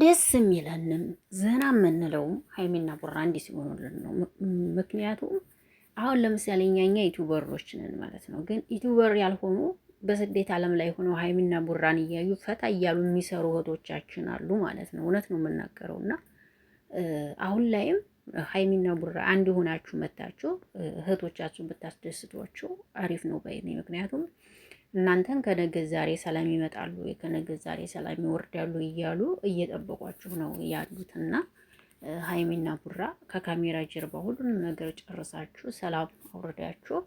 ደስ የሚለንም ዘና የምንለውም ሀይሚና ቡራ እንዲህ ሲሆኑልን ነው። ምክንያቱም አሁን ለምሳሌ እኛኛ ዩቱበሮች ነን ማለት ነው። ግን ዩቱበር ያልሆኑ በስደት ዓለም ላይ ሆነው ሀይሚና ቡራን እያዩ ፈታ እያሉ የሚሰሩ እህቶቻችን አሉ ማለት ነው። እውነት ነው የምናገረው እና አሁን ላይም ሀይሚና ቡራ አንድ የሆናችሁ መታችሁ እህቶቻችሁን ብታስደስቷቸው አሪፍ ነው ባይ ምክንያቱም እናንተን ከነገ ዛሬ ሰላም ይመጣሉ፣ ከነገ ዛሬ ሰላም ይወርዳሉ እያሉ እየጠበቋችሁ ነው ያሉት እና ሀይሚና ቡራ ከካሜራ ጀርባ ሁሉንም ነገር ጨርሳችሁ ሰላም አውርዳችሁ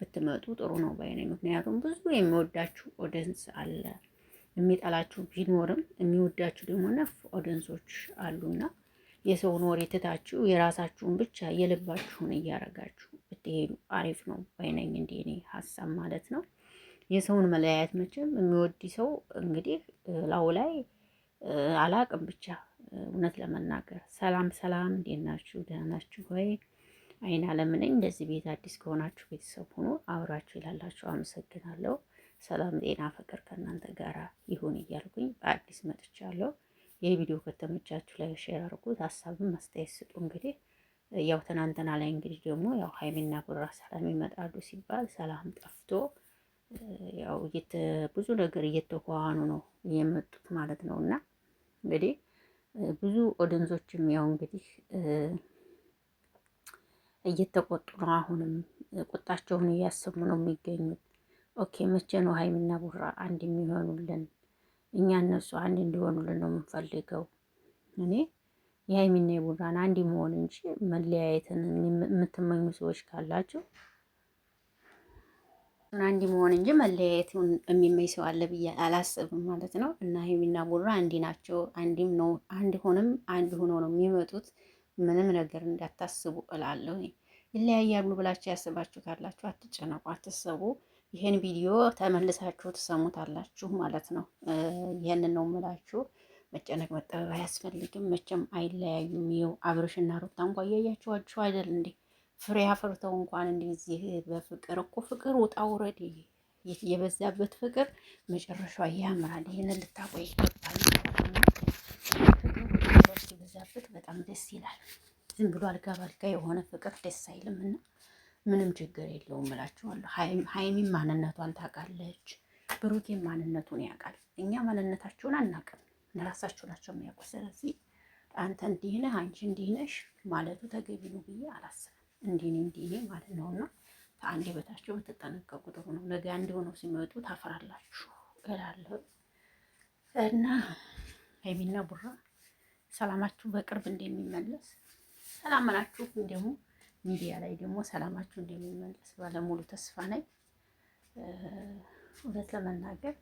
ብትመጡ ጥሩ ነው ባይ ምክንያቱም ብዙ የሚወዳችሁ ኦደንስ አለ፣ የሚጠላችሁ ቢኖርም የሚወዳችሁ ደግሞ ነፍ ኦደንሶች አሉና የሰውን ወሬ ትታችሁ የራሳችሁን ብቻ የልባችሁን እያረጋችሁ ብትሄዱ አሪፍ ነው ባይ እንደኔ ሀሳብ ማለት ነው። የሰውን መለያየት መቼም የሚወድ ሰው እንግዲህ ላው ላይ አላቅም ብቻ እውነት ለመናገር ሰላም ሰላም፣ እንዴት ናችሁ? ደህና ናችሁ ወይ? አይን አለምነኝ እንደዚህ ቤት አዲስ ከሆናችሁ ቤተሰብ ሆኖ አብራችሁ ይላላችሁ። አመሰግናለሁ። ሰላም ጤና፣ ፍቅር ከእናንተ ጋራ ይሁን እያልኩኝ በአዲስ መጥቻለሁ። ይህ ቪዲዮ ከተመቻችሁ ላይ ሼር አድርጉት፣ ሀሳብም አስተያየት ስጡ። እንግዲህ ያው ትናንትና ላይ እንግዲህ ደግሞ ያው ሀይሜና ብሩክ ሰላም ይመጣሉ ሲባል ሰላም ጠፍቶ ያው ብዙ ነገር እየተኳኋኑ ነው የመጡት ማለት ነው። እና እንግዲህ ብዙ ኦደንዞችም ያው እንግዲህ እየተቆጡ ነው። አሁንም ቁጣቸውን እያሰሙ ነው የሚገኙት። ኦኬ መቼ ነው ሀይሚና ቡራ አንድ የሚሆኑልን? እኛ እነሱ አንድ እንዲሆኑልን ነው የምንፈልገው። እኔ የሀይሚና የቡራን አንድ መሆን እንጂ መለያየትን የምትመኙ ሰዎች ካላቸው ሁለቱን አንድ መሆን እንጂ መለያየቱን የሚመኝ ሰው አለ ብዬ አላስብም ማለት ነው። እና ሀይሚና ቡራ አንዲ ናቸው። አንዲም ነው አንድ ሆንም አንድ ሆኖ ነው የሚመጡት። ምንም ነገር እንዳታስቡ እላለሁ። ይለያያሉ ብላችሁ ያስባችሁ ካላችሁ አትጨነቁ፣ አትሰቡ። ይህን ቪዲዮ ተመልሳችሁ ትሰሙታላችሁ ማለት ነው። ይህንን ነው የምላችሁ። መጨነቅ መጠበብ አያስፈልግም። መቼም አይለያዩም። ይኸው አብርሽና ሩታ እንኳ እያያችኋችሁ አይደል እንዴ? ፍሬ አፍርተው እንኳን እንደዚህ በፍቅር እኮ ፍቅር ውጣ ውረድ የበዛበት ፍቅር መጨረሻ ያምራል። ይህንን ልታቆይ ይገባል። የበዛበት በጣም ደስ ይላል። ዝም ብሎ አልጋ ባልጋ የሆነ ፍቅር ደስ አይልም እና ምንም ችግር የለውም እላችኋለሁ። ሀይሚም ማንነቷን ታውቃለች፣ ብሩኬም ማንነቱን ያውቃል። እኛ ማንነታችሁን አናውቅም፣ ራሳችሁ ናቸው የሚያውቁ። ስለዚህ አንተ እንዲህ ነህ፣ አንቺ እንዲህ ነሽ ማለቱ ተገቢ ነው ብዬ አላስብም። እንዲኔ እንዲኔ ማለት ነው። እና በታቸው ብትጠነቀቁ ጥሩ ነው። ነገ አንድ ሆነው ሲመጡ ታፈራላችሁ እላለሁ። እና ሀይሚና ቡራ ሰላማችሁ በቅርብ እንደሚመለስ ሰላምናችሁ ደግሞ ሚዲያ ላይ ደግሞ ሰላማችሁ እንደሚመለስ ባለሙሉ ተስፋ ነኝ። እውነት ለመናገር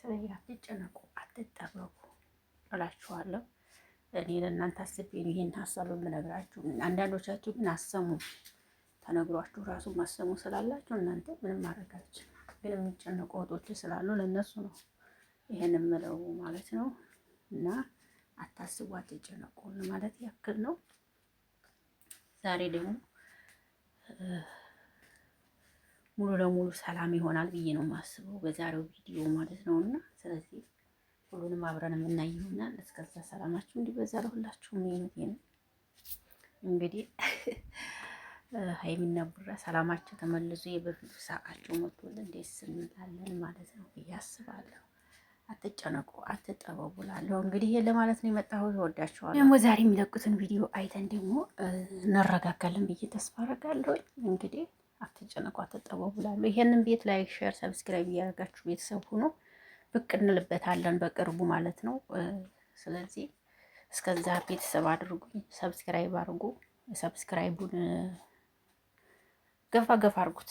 ስለዚህ አትጨነቁ፣ አትጠበቁ እላችኋለሁ። እኔ ለእናንተ አስቤ ይሄን ሀሳብ የምነግራችሁ። አንዳንዶቻችሁ ግን አሰሙ ተነግሯችሁ ራሱ ማሰሙ ስላላችሁ እናንተ ምንም ማድረጋችሁ ግን የሚጨነቁ ወጦች ስላሉ ለእነሱ ነው ይሄን የምለው ማለት ነው። እና አታስቡ፣ አትጨነቁ ማለት ያክል ነው። ዛሬ ደግሞ ሙሉ ለሙሉ ሰላም ይሆናል ብዬ ነው የማስበው በዛሬው ቪዲዮ ማለት ነው እና ስለዚህ ሁሉንም አብረን የምናይ ይሆናል። እስከዛ ሰላማችሁ እንዲበዛ ለሁላችሁም ነው። እንግዲህ ሀይሚና ቡራ ሰላማቸው ተመልሶ የበፊቱ ሳቃቸው መጥቶልን ደስ እንላለን ማለት ነው ብዬ አስባለሁ። አትጨነቁ፣ አትጠበቡ እላለሁ። እንግዲህ ይሄ ለማለት ነው የመጣሁት። እወዳችኋለሁ። ደግሞ ዛሬ የሚለቁትን ቪዲዮ አይተን ደግሞ እንረጋጋለን ብዬ ተስፋ አደርጋለሁ። እንግዲህ አትጨነቁ፣ አትጠበቡ ይሄንን ቤት ላይክ፣ ሼር፣ ሰብስክራይብ እያደረጋችሁ ቤተሰብ ሁኑ። ብቅ እንልበታለን በቅርቡ ማለት ነው። ስለዚህ እስከዛ ቤተሰብ አድርጉኝ፣ ሰብስክራይብ አድርጉ፣ ሰብስክራይቡን ገፋ ገፋ አድርጉት።